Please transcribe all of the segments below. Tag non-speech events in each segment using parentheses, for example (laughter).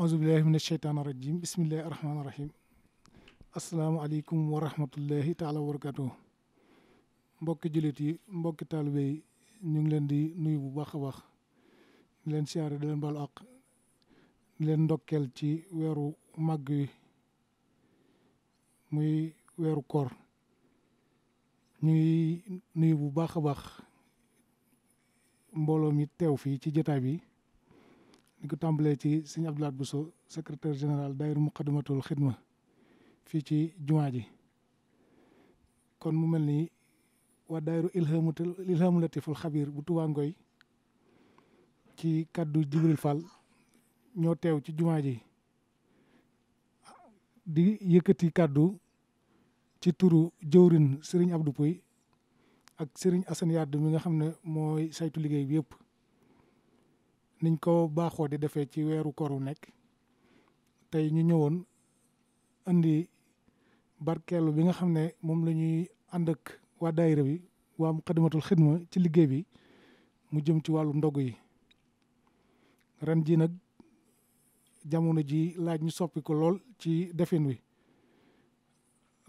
auzu billahi min asheytaani rajim bismillahi rahmaani rahim asalaamaaleykum wa rahmatullahi taala wa mbokki jullit yi mbokki taalibe yi ñu ngi leen di nuyu bu baax a baax di leen siyaare di leen balu àq di leen ndokkeel ci weeru màgg wi muy weeru koor ñu ngi nuyu bu baax a baax mbooloo mi teew fii ci jotaay bi ñu ko tàmbalee ci sëñ Abdou Lahad Bousso secrétaire général daayira Muqaddamatul Xidma fii ci jumaa ji kon mu mel ni waa daayira Ilhaamul Ilhaamul Latiful Xabiir bu Tuubaa ci kàddu Jibril Fall ñoo teew ci jumaa ji di yëkkati kàddu ci turu jëwrin Serigne Abdou Pouy ak sëriñ Assane Yadd mi nga xam ne mooy saytu liggéey bi yëpp niñ ko baaxoo di defee ci weeru koor wu nekk tey ñu ñëwoon indi barkeelu bi nga xam ne moom lañuy ñuy ànd ak waa daayira bi waa Muqaddimatul Xidma ci liggéey bi mu jëm ci wàllu ndogu yi ren ji nag jamono ji laaj ñu soppi ko lool ci defin wi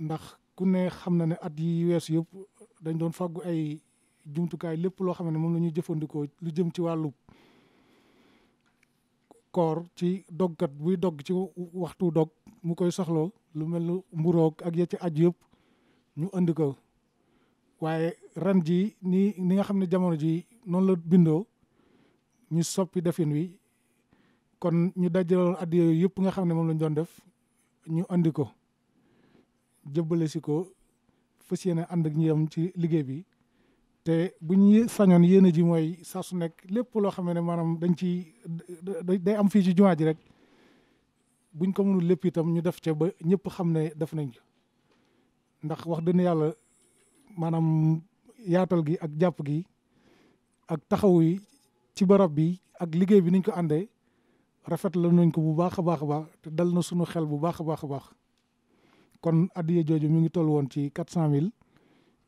ndax ku ne xam na ne at yi weesu yëpp dañ doon faggu ay jumtukaay lépp loo xam ne moom la ñuy jëfandikoo lu jëm ci wàllu koor ci dogkat buy dog ci waxtu dog mu koy soxloo lu mel ni mburook ak ya ci aju yëpp ñu andi ko waaye ren ji nii ni nga xam ne jamono ji noonu la bindoo ñu soppi defin wi kon ñu dajaloon at yooyu yëpp nga xam ne moom lañ doon def ñu andi ko jëbbale si ko fas yéene ànd ak ñoom ci liggéey bi te bu ñu sañoon yéene ji mooy saa su nekk lépp loo xam ne maanaam dañ ci day am fii ci jumaa ji rek buñ ko mënul lépp itam ñu def ca ba ñëpp xam ne def nañ ko ndax wax dëgg yàlla maanaam yaatal gi ak jàpp gi ak taxaw yi ci barab bi ak liggéey bi niñ ko àndee rafet la nañ ko bu baax a baax a baax te dal na suñu xel bu baax a baax a baax kon addiya jooju mi ngi toll woon ci quatre cent mille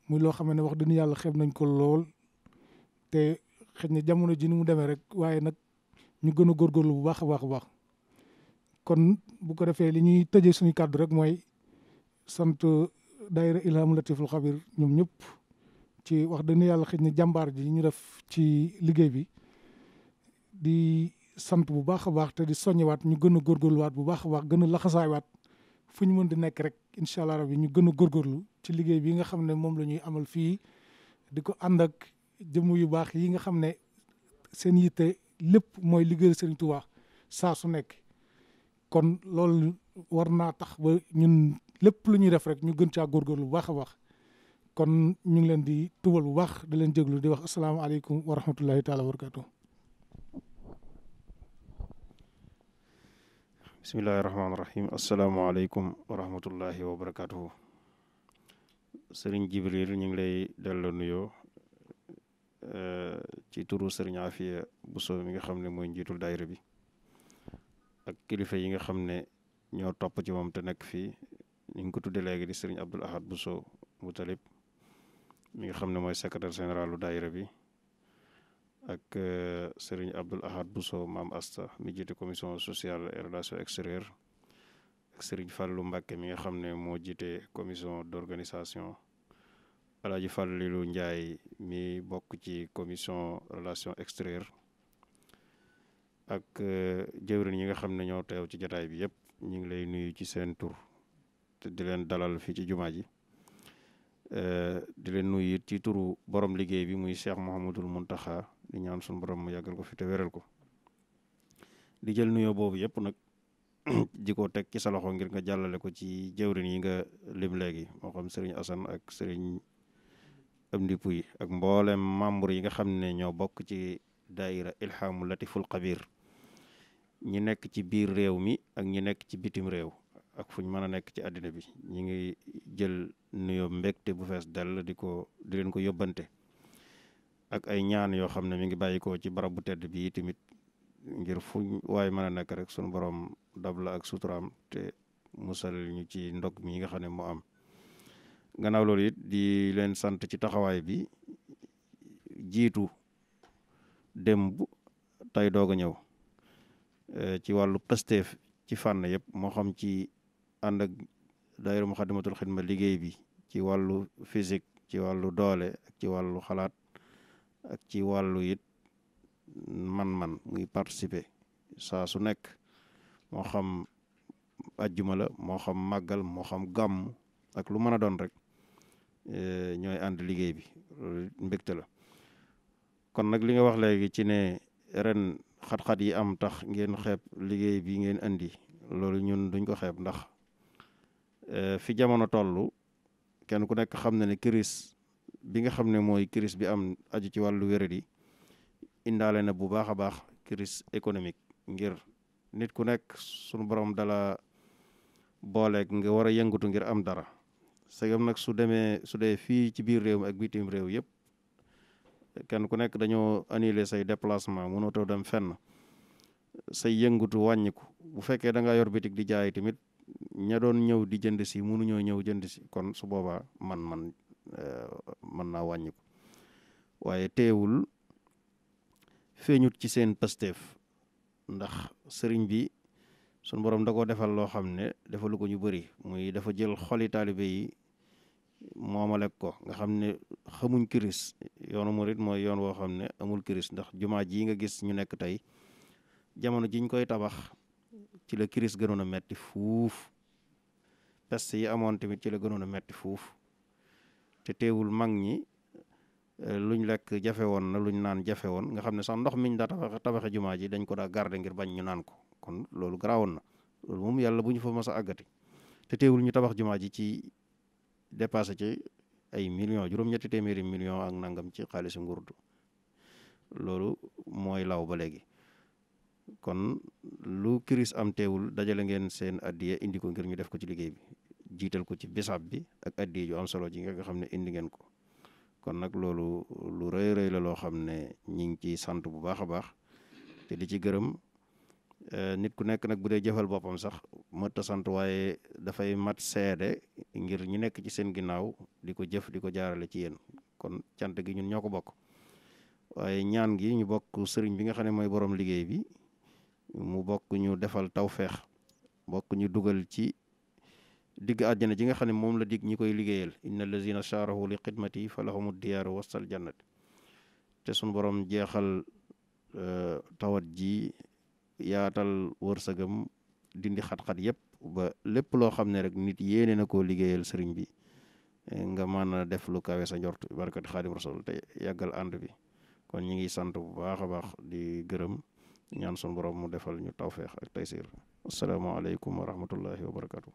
muy loo xam ne wax dëgg yàlla xeeb nañ ko lool te xëy na jamono ji ni mu demee rek waaye nag ñu gën a góorgóorlu bu baax a baax a baax kon bu ko defee li ñuy tëje suñu kàddu rek mooy sant daayira Ilham Latiful Xabir ñoom ñëpp ci wax dëgg yàlla xëy na jàmbaar ji ñu def ci liggéey bi di sant bu baax a baax te di soññewaat ñu gën a góorgóorluwaat bu baax a baax gën a waat fu ñu mën di nekk rek incha allah rabi ñu gën a góorgóorlu ci liggéey bi nga xam ne moom la ñuy amal fii di ko ànd ak jëmm yu baax yi nga xam ne seen yitte lépp mooy liggéeyal Serigne Touba saa su nekk kon loolu war naa tax ba ñun lépp lu ñuy def rek ñu gën caa góorgóorlu bu baax a baax kon ñu ngi leen di tubal bu baax di leen jéglu di wax asalaamaaleykum wa rahmatullahi taala wa bismillahi rahmaani rahim asalaamaaleykum wa rahmatullahi wa sëriñ Jibril ñu ngi lay delloo nuyoo eh, ci turu sëriñ Afiya Bousso mi nga xam ne mooy njiitul daayira bi ak kilifa yi nga xam ne ñoo topp ci moom te nekk fii ñu ngi ko tudde léegi di sëriñ Abdul Ahad Bousso mu talib mi nga xam ne mooy secretaire général lu bi ak euh, sëriñ Abdul Ahad Bousso maam Asta mi jiite commission sociale et relations extérieures ak sëriñ Fàllu Mbàkke mi nga xam ne moo jiite commission d'organisation Alaaji Fàllilu Njaay mi bokk ci commission relation extérieures ak euh, jëwriñ yi nga xam ne ñoo teew ci jataay bi yëpp ñu ngi lay nuyu ci seen tour te di leen dalal fii ci jumaa ji Euh, di leen nuyu ci turu borom liggéey bi muy seex Cheikh Mouhamadul Mountakha di ñaan suñu borom mu yàggal ko fi te wéral ko di jël nuyoo boobu yëpp nag (coughs) di ko teg ci sa loxo ngir nga jàllale ko ci jëwrin yi nga lim léegi moo xam Serigne Assane ak Serigne Amdi Puy ak mboolem membre yi nga xam ne ñoo bokk ci daaira Ilhaamul Latiful Xabiir ñi nekk ci biir réew mi ak ñi nekk ci bitim réew ak fu ñu mën a nekk ci àddina bi ñi ngi jël. nuyoo mbégte bu fees dell di ko di leen ko yóbbante ak ay ñaan yoo xam ne mi ngi bàyyikoo ci barab bu tedd bii tamit ngir fu waay mën a nekk rek sunu boroom dab la ak suturaam te musal ñu ci ndog mi nga xam ne moo am. gannaaw loolu it di leen sant ci taxawaay bi jiitu démb tey doog a ñëw eh, ci wàllu Pastef ci fànn yëpp moo xam ci ànd daayira Muxaddamatul Xidma liggéey bi ci wàllu physique ci wàllu doole ci wàllu xalaat ak ci wàllu it man-man muy participer saa su nekk moo xam ajjuma moo xam màggal moo xam gàmm ak lu mën a doon rek e, ñooy ànd liggéey bi mbégte la kon nag li wax léegi ci ne ren xat yi am tax ngeen xeeb liggéey bi ngeen indi loolu ñun duñ ko xeeb ndax Euh, fi jamono toll kenn ku nekk xam na ne crise bi nga xam ne mooy crise bi am aju ci wàllu wéradi indaale na bu baax a baax crise économique ngir nit ku nekk sunu borom dala booleek nga war a yëngatu ngir am dara segam nag su demee su dee fii ci biir réew mi ak bitim réew yëpp kenn ku nekk dañoo annuler say déplacement mënoo too dem fenn say yëngatu wàññiku bu fekkee da ngaa yor bitig di jaay tamit ña doon ñëw di jënd si mënuñoo ñëw jënd si kon su boobaa man man eh, mën naa wàññiku waaye teewul feeñut ci seen pasteef ndax sëriñ bi sun borom da defal loo xam ne defalu ko ñu bëri muy dafa jël xoli taalibe yi moomale ko nga xam ne xamuñ kiris yoonu murit mooy yoon woo xam ne amul kiris ndax jumaa ji nga gis ñu nekk tey jamono jiñ koy tabax ci la kiris gënoon a metti fuuf pest yi amoon tamit ci la gënoon a metti foofu te teewul mag ñi eh, luñ lekk jafe woon na luñ naan jafe woon nga xam ne sax ndox miñ daa tabax tabaxe jumaa ji dañ ko daa garder ngir bañ ñu naan ko kon loolu garaawoon na loolu moom yàlla bu ñu fa mas a àggati te teewul ñu tabax jumaa ji ci dépassé ci ay millions juróom-ñetti téeméeri million ak nangam ci xaalisu ngurdu loolu mooy law ba léegi kon lu kiris am teewul dajale ngeen seen addiya indi ko ngir ñu def ko ci liggéey bi jiital ko ci bisaab bi ak addiya ju solo ji nga xam ne indi ngeen ko kon nag loolu lu rëy rëy la loo xam ne ñi ngi ciy sant bu baax a baax te di ci gërëm nit ku nekk nag bu dee jëfal boppam sax mëtta sant waaye dafay mat seede ngir ñu nekk ci seen ginnaaw di ko jëf di ko jaarale ci yéen kon cant gi ñun ñoo ko bokk waaye ñaan gi ñu bokk sëriñ bi nga xam ne mooy borom liggéey bi mu bokk defal tawféex bokk ñu dugal ci digg àjjana ji nga xam ne moom la digg ñi koy liggéeyal inna allazina saarahu li xidmati fa lahumu diyaaru wasal jannat te suñ borom jeexal euh, tawat ji yaatal wërsëgam dindi xat-xat yëpp ba lépp loo xam ne rek nit yéene na koo liggéeyal sëriñ bi eh, nga mën a def lu kawe sa njort barkati xaadim rasul te yàggal ànd bi kon ñi ngi sant bu baax a baax di gërëm ñaan sunu borom mu defal ñu tawféex ak taysiir asalaamaaleykum wa rahmatullahi wa barakatu